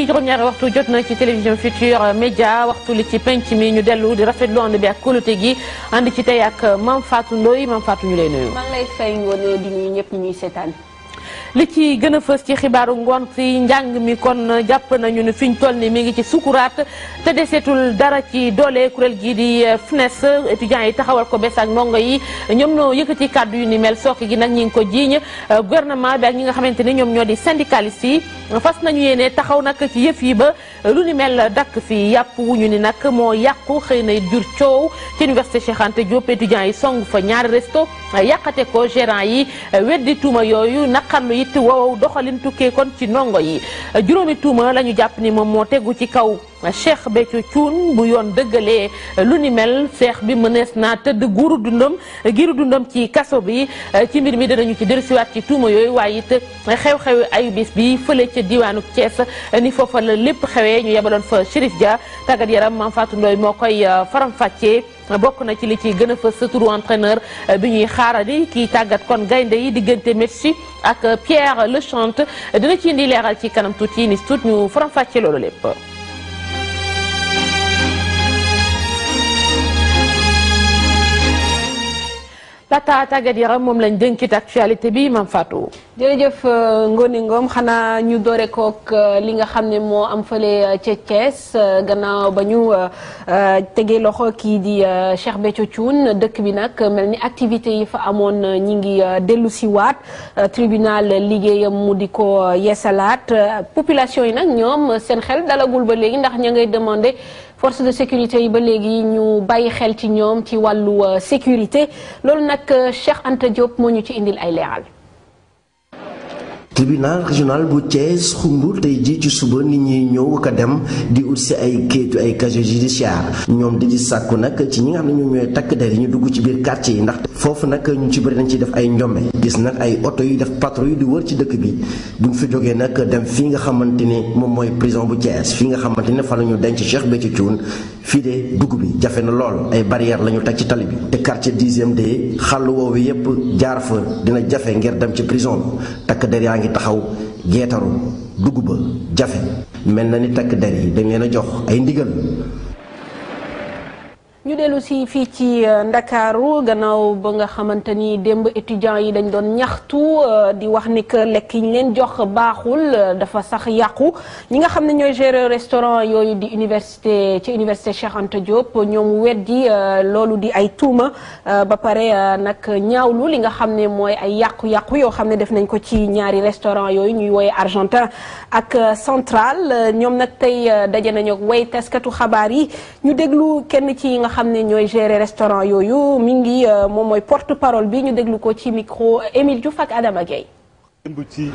yi juróom waxtu jot na ci télévision Futur Média waxtu li ci penc mi ñu dellu di rafetlu ànd bi ak gi ànd ci tey ak Mame Fatou Ndoye Mame ñu lay nuyu. maa ngi lay fay ngoone di nuyu ñëpp li ci gën a fës ci xibaaru ngoon si njàng mi kon jàpp nañu ne fi ñu toll ni mi ngi ci sukuraat te deseetul dara ci doole kuréel gii di FNES étudiants yi taxawal ko bés ak ndongo yi ñoom ñoo yëkkati kàddu yu ni mel sooke gi nag ñi ngi ko jiiñ gouvernement bi ak ñi nga xamante ni ñoom ñoo di syndicalistes yi fas nañu yéene taxaw nag ci yëf yi ba lu ni mel dakk fii yàpp wu ñu ni nag moo yàqu xëy na jur coow ci université Cheikh Anta Diop yi song fa ñaari resto yàqate ko gérant yi weddi tuuma yooyu naqarlu it wow doxalin tukkee kon ci ndongo yi juróomi tuuma la ñu jàpp ni moom moo tegu ci kaw Cheikh Béthio Thioune bu yoon dëggalee eh, lu ni mel cheikh bi mënees naa tëdd guuru dundam eh, giiru dundam ci kaso bi eh, ci mbir mi danañu ci dellusiwaat ci tuuma yooyu waaye it xew-xewi ayu bis bi fële ca diwaanu Thiès ni foofa la lépp xewee ñu yebaloon fa Chérif Dia tàggat yaram Mame Fatou Ndoye moo koy faram-fàccee bokk na ci li ci gën a fës turu entraîneur bi ñuy xaaral xaarandi kii tàggat kon gaynde yi diggante Metsi ak Pierre Lechante dina ci indi leexal ci kanam tuuti ni tuut ñu faram-fàccee loolu lépp laata tàggat yaram moom lañ dënkit actualité bi mam Fatou. jërëjëf euh, ngoone ngoom xanaa ñu dore kook euh, li nga xam ne moo am fële euh, ca Thiès gannaaw ba ñu tegee loxo kii di Cheikh Béthio Thioune dëkk bi nag mel ni activité yi fa amoon ñu ngi dellu si waat tribunal liggéeyam mu di ko yeesalaat population yi nag ñoom seen xel dalagul ba léegi ndax ña ngay demande force de sécurité yi ba léegi ñu bàyyi xel ci ñoom ci wàllu euh, sécurité loolu nag euh, Cheikh Anta Diop moo ñu ci indil ay leeral. tribunal régional bu Thiès xumbur tey ji ci suba nit ñi ñëw ko dem di ut si ay kayitu ay casier judiciaire ñoom di sàkku nag ci ñi nga xam ne ñoom ñooy takk der yi ñu dugg ci biir quartier yi ndax foofu nag ñu ci bëri dañ ciy def ay njombe gis nag ay oto yu def yi di wër ci dëkk bi buñ fi jógee nag dem fii nga xamante ni moom mooy prison bu Thiès fii nga xamante ne fa la ñu denc Cheikh Béthio Thioune fii de dugg bi jafe na lool ay barrière la ñu teg ci tali bi te quartier dixième de xàll woowu yépp jaar fa dina jafe ngir dem ci prison bi takk der yaa ngi taxaw geetaru dugg ba jafe mel na ni takk der yi dañ leen a jox ay ndigal ñu dellu si fii ci euh, ndakaaru gannaaw ba nga xamante ni démb étudiants yi dañ doon ñaxtu euh, di wax ni que lekk yi ñu leen jox baaxul euh, dafa sax yàqu ñi nga xam ne ñooy gérer restaurant yooyu di université ci université Cheikh Anta Diop ñoom weddi loolu di ay tuuma ba pare nag ñaawlu li nga xam ne mooy ay yàqu-yàqu yoo xam ne def nañ ko ci ñaari restaurant yooyu ñuy wooye Argentin ak Central ñoom nag tey daje nañu ak way taskatu xabaar yi ñu déglu kenn ci xam ne ñooy gérer restaurant yooyu mu ngi euh, moom mooy porte parole bi ñu déglu ko ci micro Émile Diouf ak Adama Gueye. démb ci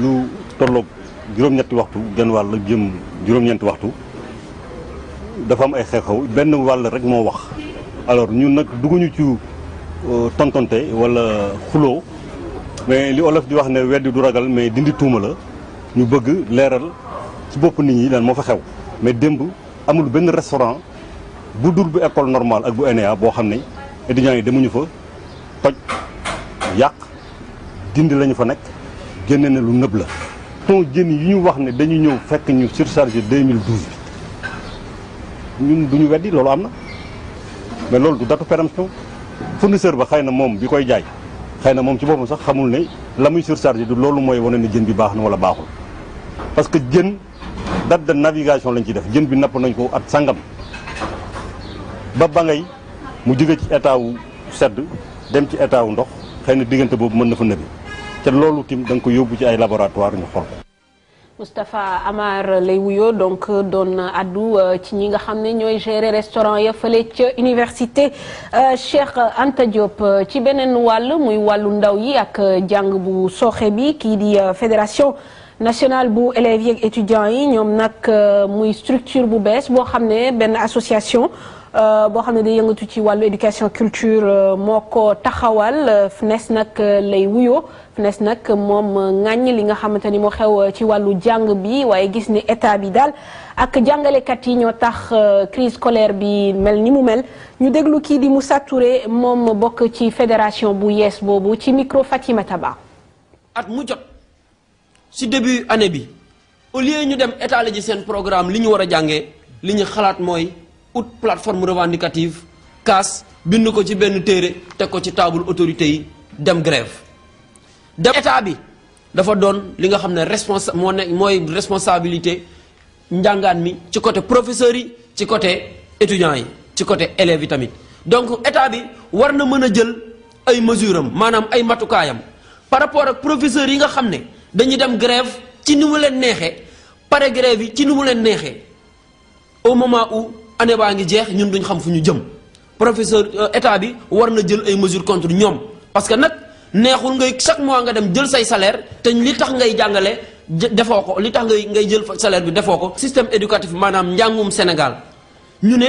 lu tolloog juróom-ñetti waxtu genn wàll jëm juróom-ñeenti waxtu dafa am ay xew-xew benn wàll rek moo wax alors ñun nag dugguñu ci euh, tontonte wala xuloo mais li olof di wax ne weddi du ragal mais dindi tuuma la ñu bëgg leeral ci bopp nit ñi lan moo fa xew mais démb amul benn restaurant bu dul bu école normal ak bu ENA boo xam ne étudiants yi demuñu fa toj yàq dindi lañu fa nekk génne ne lu nëb la. ton jën yi ñu wax ne dañu ñëw fekk ñu surchargé 2012 bi ñun du ñu weddi loolu am na mais loolu du datu péremption fournisseur ba xëy na moom bi koy jaay xëy na moom ci boppam sax xamul ne la muy surchargé du loolu mooy wane ne jën bi baax na wala baaxul parce que jën date de navigation lañ ci def jën bi napp nañ ko at sangam. ba ba ngay mu jóge ci état sedd dem ci état ndox xëy diggante boobu mën na fa nëbbi te loolu tim da ko yóbbu ci ay laboratoire ñu xool ko Moustapha Amar lay wuyoo donc doon addu euh, ci ñi nga xam ne ñooy gérer restaurant ya fële ca université euh, Cheikh Anta ci beneen wàll muy wàllu ndaw yi ak jàng bu sooxe bi kii di euh, fédération nationale bu élèves yeeg étudiants yi ñoom nag euh, muy structure bu bees boo xam ne benn association euh, boo xam ne day yëngatu ci wàllu éducation culture euh, moo ko taxawal FNES nag lay wuyo FNES nag moom ŋàññ li nga xamante ni moo xew ci wàllu jàng bi waaye gis ni état bi daal ak jàngalekat yi ñoo tax crise scolaire bi mel ni mu mel ñu déglu kii di mu sature moom bokk ci fédération bu yees boobu ci micro Fatima Taba at si début année bi au lieu ñu dem étaler ji seen programme li ñu war a jàngee li ñu xalaat mooy ut plateforme revendicative kaas bind ko ci benn téere teg ko ci taabul autorité yi dem grève dem état bi dafa doon li nga xam ne responsa moo nekk mooy responsabilité njàngaan mi ci côté professeurs yi ci côté étudiants yi ci côté élève yi tamit donc état bi war na mën a jël ay mesures am maanaam ay matukaayam par rapport ak professeurs yi nga xam ne dañuy dem grève ci ni mu leen neexee pare grève yi ci ni mu leen neexee au moment où année baa ngi jeex ñun duñ xam fu ñu jëm professeur euh, état bi war na jël ay mesures contre ñoom parce que nag neexul ngay chaque mois nga dem jël say salaire te li tax ngay jàngale defoo ko li tax ngay ngay jël salaire bi defoo ko système éducatif maanaam njàngum Sénégal ñu ne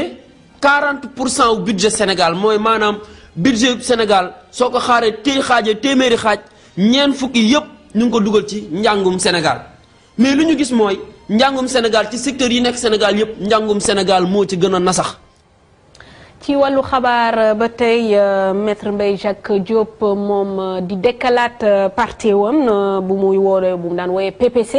quarante pour cent budget Sénégal mooy maanaam budget Sénégal soo ko xaaree téy xaajee téeméeri xaaj ñeent fukki yëpp ñu ngi ko dugal ci njàngum Sénégal mais lu ñu gis mooy njàngum Sénégal ci secteur yi nekk Sénégal yëpp njàngum Sénégal moo ci gën a nasax. ci wàllu xabaar euh, ba tey euh, maître mbay Jacques Diop euh, moom di dekkalaat parti wam bu muy woowee bu mu daan wooyee PPC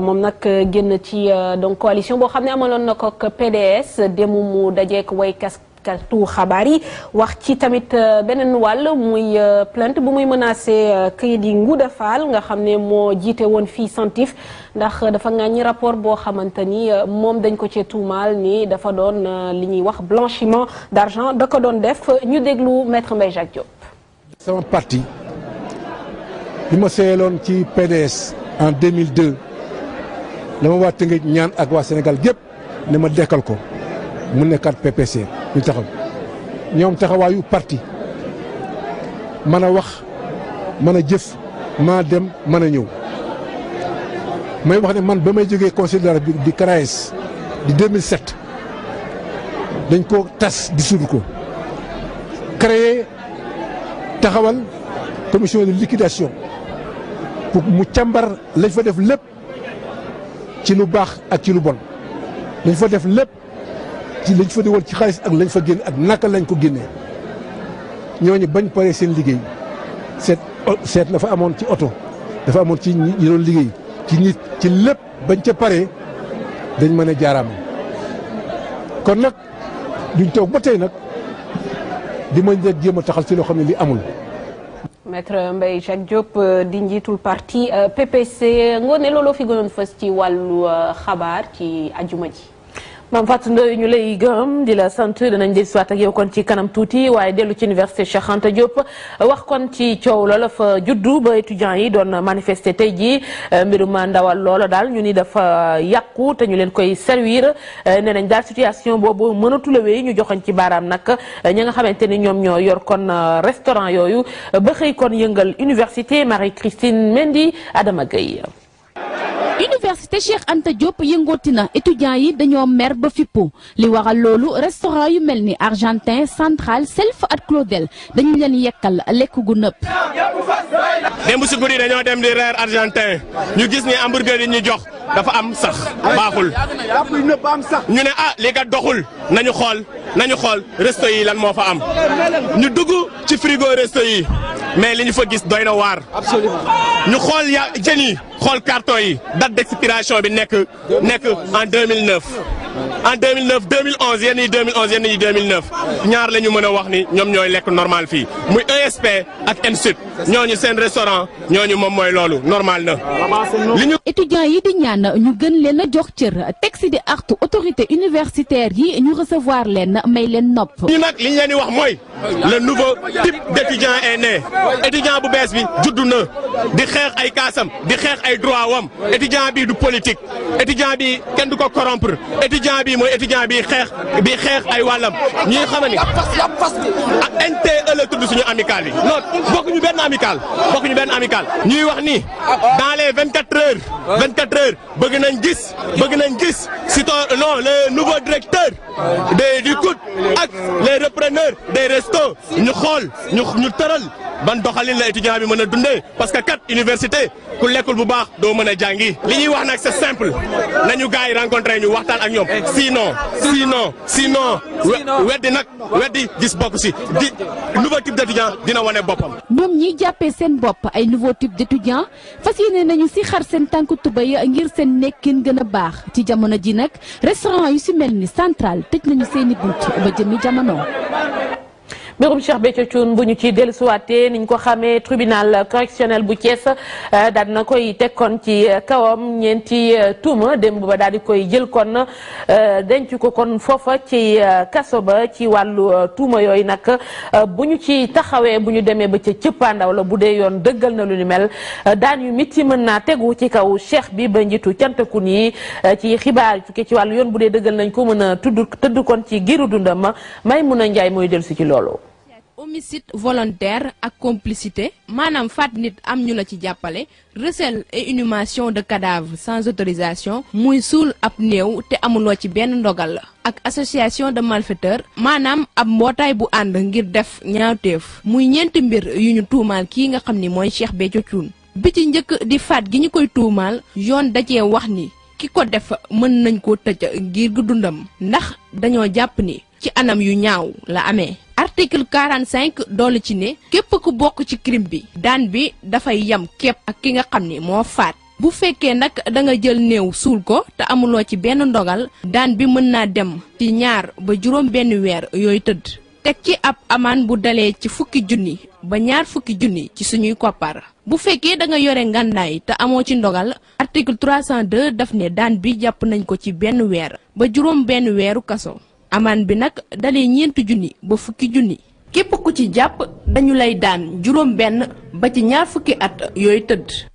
moom nag génn ci donc coalition boo xam ne amaloon na ko PDS demu mu dajeek way kas taskatu xabaar yi wax ci tamit euh, beneen wàll muy euh, plainte bu muy menacé euh, kii di Ngouda Fall nga xam ne moo jiite woon fii Centif ndax dafa ŋàññi rapport boo xamante ni moom dañ ko ci tuumaal ni dafa doon li ñuy wax blanchiment d'argent da ko doon def ñu déglu maître Mbaye Jacques Diop. sama parti bi ma loon ci PDS en 2002 la ma waa ñaan ak waa Sénégal gépp ne ma dekkal ko mu nekkaat PPC. ñu taxaw ñoom taxawaayu parti mën a wax mën a jëf maa dem mën a ñëw may wax ne man ba may jógee conseil bi la République di CRAES di 2007 dañ ko tas dissoudre ko créer taxawal commission de liquidation pour mu cambar lañ fa def lépp ci lu baax ak ci lu bon lañ fa def lépp ci lañ fa di woon ci xaalis ak lañ fa génne ak naka lañ ko génnee ñooñu bañ paree seen liggéey seet seet la fa amoon ci oto dafa amoon ci ñi doon liggéey ci nit ci lépp bañ ca pare dañ mën a jaaraam kon nag duñ toog ba tey nag di mañ rek jéem a taxal ci loo xam li amul. maître Mbaye Jacques Diop di njiitul parti euh, PPC ngoone looloo fi gënoon fës ci wàllu euh, xabaar ci ajuma ji. maam Fatou Ndoye ñu lay gërëm di la sant danañ dellu siwaat ak yow kon ci kanam tuuti waaye dellu ci université Cheikh Anta Diop wax kon ci coow loola fa juddu ba étudiants yi doon manifesté tey jii euh, mbirum ndawal loola daal ñu ni dafa euh, yàqu te ñu leen koy servir euh, nee nañ daal situation boobu mënatul a wéy ñu joxoñ ci baaraam nag ñi nga xamante ni ñoom ñoo yor kon restaurant yooyu ba xëy kon yëngal université Marie Christine Mendy Adama Gueye université Cheikh Anta Diop yëngooti na étudiants yi dañoo mer ba fippu li waral loolu restaurant yu mel ni Argentin centrale Self ak Claudel dañu leen yekkal lekk gu nëpp. démb si guddi dañoo dem di reer Argentin ñu gis ni hamburger yi ñu jox. dafa am sax baaxul ñu ne a ah, li nga doxul ñu xool na nañu xool resto yi lan moo fa am ñu dugg ci frigo resto yi mais li ñu fa gis doy na waar ñu xool ya jën yi xool carton yi date d'expiration bi nekk nekk en 2009 en 2009 2011 yenn yi 2011 yenn yi ñaar la ñu mën a wax ni ñoom ñooy lekk normal fii muy ESP ak ENSUD ñooñu seen restaurant ñooñu moom mooy loolu normal na li ñu étudiant yi di ñaan ñaan ñu gën leen a jox cër texte di artu autorité universitaire yi ñu recevoir leen may leen nopp. ñu nag li ñu leen di wax mooy le nouveau type d'étudiant est né étudiant bu bees bi juddu na di xeex ay kaasam di xeex ay droit wam étudiant bi du politique étudiant bi kenn du ko corrompre étudiant bi mooy étudiant bi xeex bi xeex ay wàllam ñi xam a ak NTE la tudd suñu amical yi non bokkuñu benn amical bokkuñu benn amical ñuy wax ni dans les vingt quatre heures vingt quatre heures bëgg nañ gis bëgg nañ gis Sitor non les nouveaux directeurs des du COUD ak les repreneurs des restos ñu xool ñu ñu tëral ban doxalin la étudiant bi mën a dundee parce que kat université ku lekkul bu baax doo mën a jàngi. li ñuy wax nag c'est simple nañu gars yi rencontré ñu waxtaan ak ñoom sinon sinon no weddi nag weddi gis bokk si di nouveau type d'étudiant dina wane boppam. ñoom ñi jàppee seen bopp ay nouveau type d'étudiant fas yéene nañu si xar seen tànku tuba ngir. seen nekkin gën a baax ci jamono ji nag restaurant yu si mel ni central tëj nañu seeni bunt ba jëmi jamono. mbirum Cheikh Béthio Thioune bu ñu ci dellusiwaatee niñ ko xamee tribunal correctionnel bu Thiès euh, daal na koy teg kon ci kawam ñeenti euh, tuuma démb ba daal di koy jël kon euh, denc ko kon foofa ci kaso ba ci wàllu tuuma yooyu nag bu ñu ci taxawee bu ñu demee ba ca cëppaandaw la bu dee yoon dëggal na lu ni mel daan yu mitti mën naa tegu ci kaw cheikh bi ba njiitu cantakun yi ci xibaar yi tukkee ci wàllu yoon bu dee dëggal nañ ko mën a tudd tëdd kon ci giiru dundam may mun a njaay mooy dellu si ci loolu homicide volontaire ak complicité maanaam faat nit am ñu la ci jàppale recel et inhumation de cadavre sans autorisation muy suul ab néew te amuloo ci benn ndogal la ak association de malfaiteurs maanaam ab mbootaay bu ànd ngir def ñaawteef muy ñeenti mbir yu ñu tuumaal kii nga xam ni mooy Cheikh Béthio Thioune bi ci njëkk di faat gi ñu koy tuumaal yoon da cee wax ni ki ko def mën nañ ko tëj ngir gu dundam ndax dañoo jàpp ni ci anam yu ñaaw la amee article 45 doole ci ne képp ku bokk ci crime bi daan bi dafay yam képp ak ki nga xam ni moo faat bu fekkee nag da nga jël néew suul ko te amuloo ci benn ndogal daan bi mën naa dem ci ñaar ba juróom benn weer yooyu tëdd teg ci ab amaan bu dalee ci fukki junni ba ñaar fukki junni ci suñuy koppar bu fekkee da nga yore ngànnaay te amoo ci ndogal article 302 daf ne daan bi jàpp nañ ko ci benn weer ba juróom benn weeru kaso amaan bi nag dalee ñeenti junni ba fukki junni képp ku ci jàpp dañu lay daan juróom benn ba ci ñaar fukki at yooy tëdd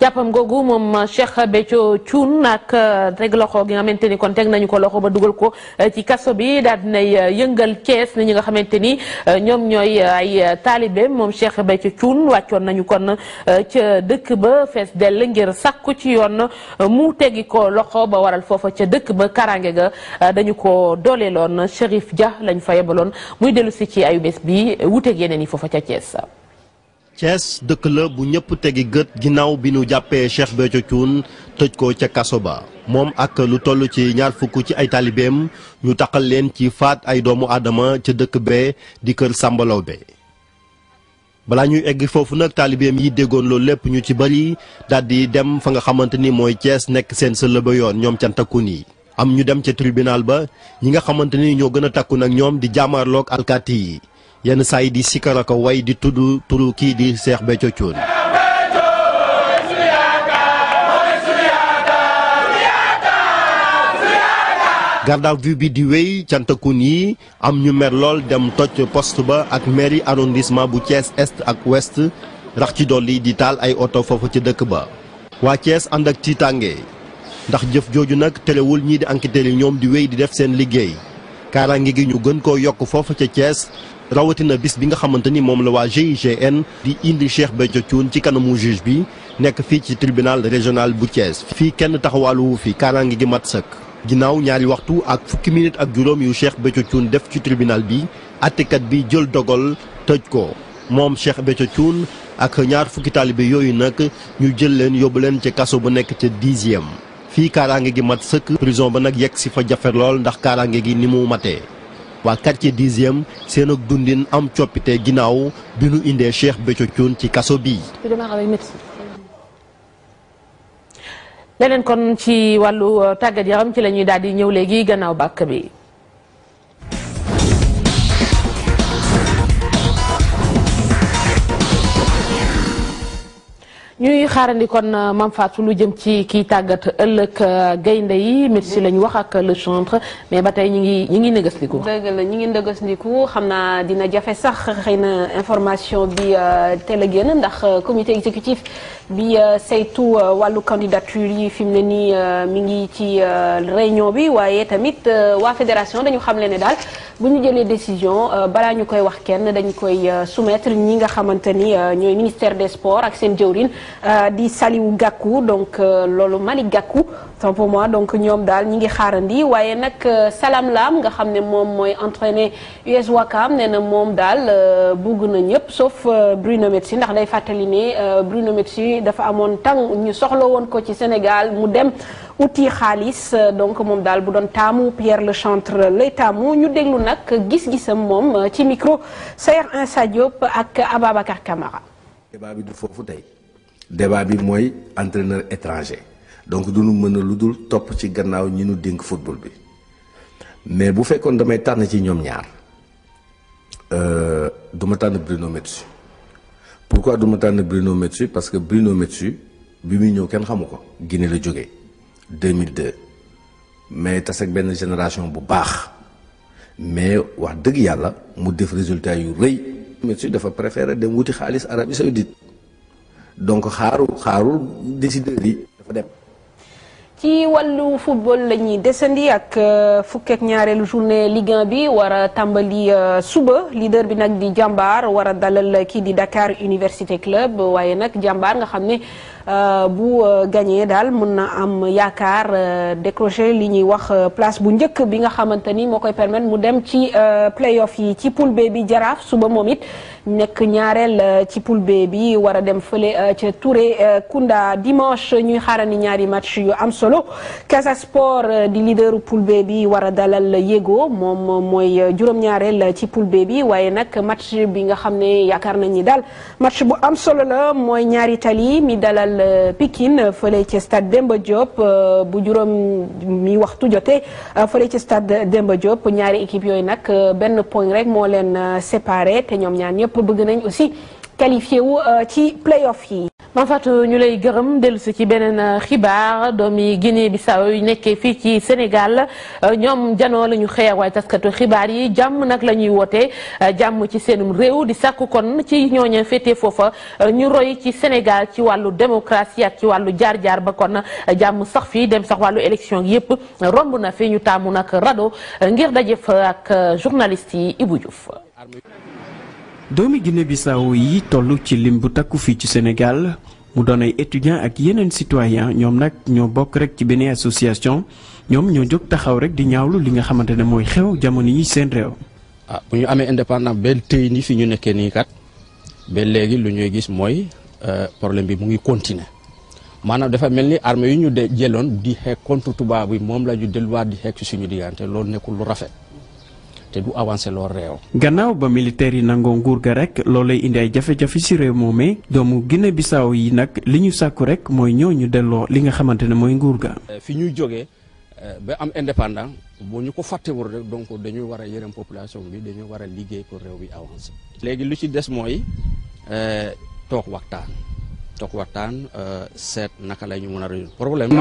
jàppam googu moom Cheikh Béthio Thioune ak euh, teg loxo gi nga xamante ni kon teg nañu ko loxo ba dugal ko euh, ci kaso bi daal nay euh, yëngal cees ni ñi nga xamante ni ñoom ñooy ay taalibeem moom Cheikh Béthio Thioune wàccoon nañu kon ca dëkk ba fees dell ngir sàkku ci yoon mu teggi ko loxo ba waral foofa ca dëkk ba karange ga dañu ko dooleeloon Chérif Dia lañ fa yebaloon muy dellu si ci ayubés bi wuteeg yeneen yi foofa ca Thiès Thiès dëkk la bu ñëpp tegi gët ginnaaw bi nu jàppee Cheikh Béthio Thioune tëj ko ca kaso ba moom ak lu toll ci ñaar fukk ci ay taalibeem ñu taqal leen ci faat ay doomu aadama ca dëkk bee di kër Samba be balaa ñuy egg foofu nag taalibeem yi déggoon loolu lépp ñu ci bari daal di dem fa nga xamante ni mooy cees nekk seen sëla ba yoon ñoom cantakun nii am ñu dem ca tribunal ba ñi nga xamante ni ñoo gën a takku nag ñoom di jaamaarloog alkaati yi yenn saa yi di sikkar ko way di tudd turu kii di Cheikh Béthio Thioune garde à vue bi di wéy cantakun yi am ñu mer lool dem toj post ba ak meri arrondissement bu cees est ak west rax ci dolli di taal ay oto foofu ca dëkk ba waa Thiès ànd ak tiitaange ndax jëf jooju nag terewul ñii di enquêteurs ñoom di wéy di def seen liggéey kaaraange gi ñu gën koo yokk foofu ca Thiès rawatina bis bi nga xamante ni moom la waa GIGN di indi Cheikh Béthio Thioune ci kanamu juge bi nekk fii ci tribunal régional bu Thiès. fii kenn taxawaluwu fi kaaraange gi mat sëkk. ginnaaw ñaari waxtu ak fukki minute ak juróom yu Cheikh Béthio Thioune def ci tribunal bi àttekat bi jël dogal tëj ko moom Cheikh Béthio Thioune ak ñaar fukki taalibe yooyu nag ñu jël leen yóbbu leen ca kaso bu nekk ca dixième. fii kaaraange gi mat sëkk prison ba nag yegg si fa jafe lool ndax kaaraange gi ni mu matee waa quartier dixième seen ak dundin am coppite ginnaaw bi nu indee Cheikh Béthio Thioune ci kaso bii leneen kon ci wàllu euh, tàggat yaram ci la ñuy daal di ñëw léegi gannaaw bàkk bi ñuy xaarandi kon euh, Mame Fatou lu jëm ci kiy tàggat ëllëg euh, gaynde yi merci lañu wax ak le centre mais ba tey ñu ngi ñu ngi ndëgësliku. dëgg la ñu ngi ndëgësliku xam naa dina jafe sax xëy na information bi euh, teel a gën ndax comité exécutif bi saytu wàllu candidature yi fi mu ne nii mi ngi ci réunion bi waaye tamit waa fédération dañu xam leen ne daal bu ñu jëlee décision balaa ñu koy wax kenn dañu koy soumettre ñi nga xamante ni ñooy ministère des sports ak seen jëwriñ Euh, di Saliou gàkku donc euh, loolu mali Gakou tant moi donc ñoom daal ñi ngi xaarandi waaye nag euh, Salam Lam nga xam ne moom mooy entraîner US Ouakam ne na moom daal bugg na ñëpp sauf Bruno Metsu ndax day fàttali ne Bruno Metsu dafa amoon tàng ñu soxla woon ko ci Sénégal mu dem uti xaalis donc moom daal bu doon taamu Pierre Lechantre lay taamu ñu déglu nag gis-gisam moom ci micro Sayer Insa Diop ak Ababacar Camara débat bi mooy entraîneur étranger donc du nu mën a lu dul topp ci gannaaw ñi nu dénk football bi mais bu fekkoon damay tànn ci ñoom ñaar euh, du ma tànn Bruno Metsu pourquoi du ma tànn Bruno Metsu parce que Bruno Metsu bi muy ñëw kenn xamu ko Guinée la jógee 2002 mais tas ak benn génération bu baax mais wax dëgg yàlla mu def résultat yu rëy Metsu dafa préféré dem wuti xaalis Arabie Saoudite donc xaaru xaarul décideurs yi dafa dem. ci wàllu football la ñuy desandi ak euh, fukk ak ñaareelu journée Ligue bi war a tàmbali euh, suba leader bi nag di jàmbaar war a dalal kii di Dakar Université Club waaye nag jàmbaar nga xam ne. Euh, bu euh, gagné daal mun na am yaakaar euh, décrocher li ñuy wax place bu njëkk bi nga xamante ni moo koy permettre mu dem ci playoff yi ci poule B bi jaraaf suba moom it nekk ñaareel ci poule B bi war a dem fële ca Touré Kunda dimanche ñuy xaarandi ñaari match yu am solo Casa Sport di leaderu poule B bi war a dalal Yego moom mooy juróom-ñaareel ci poule B bi waaye nag match bi nga xam ne yaakaar nañ ni daal match bu am solo la mooy ñaari tali mi dalal. dalal euh, Pikine euh, fële ci stade Demba Diop euh, bu juróom mi waxtu jotee fële ci stade Demba Diop ñaari équipe yooyu nag benn point rek moo leen séparé te ñoom ñaan ñëpp bëgg nañ aussi qualifié wu ci play-off yi. Mame Fatou ñu lay gërëm dellusi ci beneen euh, xibaar doomi Guinée Bissau yi nekkee fii ci Sénégal euh, ñoom janoo lañu ñu xeex waaye taskatu xibaar yi jàmm nag la ñuy woote euh, jàmm ci seenum réew di sàkku kon ci ñooñu féete foofa ñu roy ci Sénégal ci wàllu démocratie ak ci wàllu jaar-jaar ba kon jàmm sax fii dem sax wàllu élection yépp romb na fi ñu taamu nag rado ngir daje fa ak journaliste yi Ibou Diouf yi toll ci lim bu takku fii ci Sénégal mu doon ay étudiants ak yeneen citoyens ñoom nag ñoo bokk rek ci benn association ñoom ñoo jóg taxaw rek di ñaawlu li nga xamante ne mooy xew jamono yi seen réew. ah bu ñu amee indépendance benn tey nii fi ñu nekkee nii kat ba léegi lu ñuy gis mooy euh, problème bi mu ngi continuer maanaam dafa mel ni armée yu ñu de jëloon di xeex contre tubaab bi moom la ñu delluwaat di xeex ci suñu diggante loolu nekkul lu rafet. te du avancé lool réew. gannaaw ba militaire yi nangoo nguur ga rek loolay indi ay jafe-jafe ci réew moomee doomu Guinée Bissau yi nag li ñu sàkku rek mooy ñoo ñu delloo li nga xamante ne mooy nguur ga. Euh, fi ñuy jógee euh, ba am indépendant boo ñu ko fàttewul rek donc dañuy war a yërëm population bi dañuy war a liggéey pour réew bi avancé. léegi lu ci des mooy euh, toog waxtaan. toog waxtaan seet naka la ñu mën a résoudre problème. ci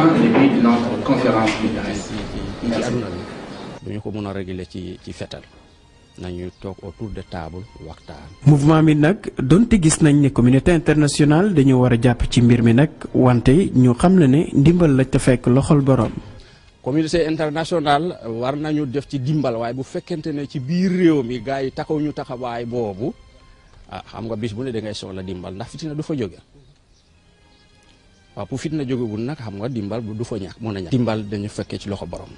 àdduna bi duñu ko mën a réguler ci ci fetal nañu toog autour de table waxtaan. mouvement mi nag donte gis nañ ne communauté internationale dañu war a jàpp ci mbir mi nag wante ñu xam la ne ndimbal la te fekk loxol borom. communauté internationale war nañu def ci dimbal waaye bu fekkente ne ci biir réew mi gars yi taxaw ñu taxawaay boobu ah xam nga bis bu ne da ngay soxla dimbal ndax fitina du fa jóge waaw pour fitna jógewul nag xam nga dimbal du fa ñax mën a ñàkk dimbal dañu fekkee ci loxo borom.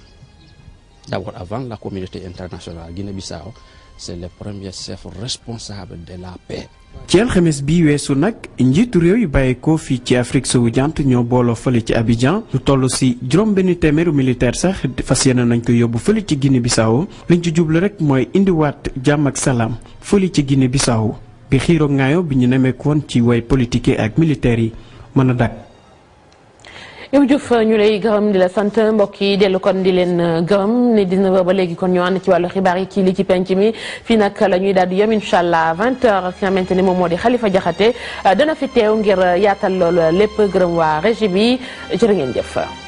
D'abord, avant la communauté internationale, Guinée-Bissau, c'est le premier chef responsable de la paix. ci alxames bi weesu nag njiitu réew yu bàyyeekoo fii ci Afrique sowu jant ñoo booloo fële ci Abidjan lu toll si juróom benn téeméeru militaire sax fas yéene nañ ko yóbbu fële ci ginne Bissau liñ ci jublu rek mooy indiwaat jàmm ak salaam fële ci Guinée Bissau bi xiiroo ngaayo bi ñu nemmeeku woon ci way politique ak militaire yi mën a dàkk. yow Diouf ñu lay gërëm di la sant mbokk yi dellu kon di leen euh, gërëm ne 19h ba léegi kon ñu ànd ci wàllu xibaar yi kii lii ci penc mi fii nag la ñuy daal di yem allah 20h ki xamante ni moom moo di Khalifa Diakhaté euh, dana fi teew ngir euh, yaatal lool lépp gërëm waa régie bi jërë ngeen jëf.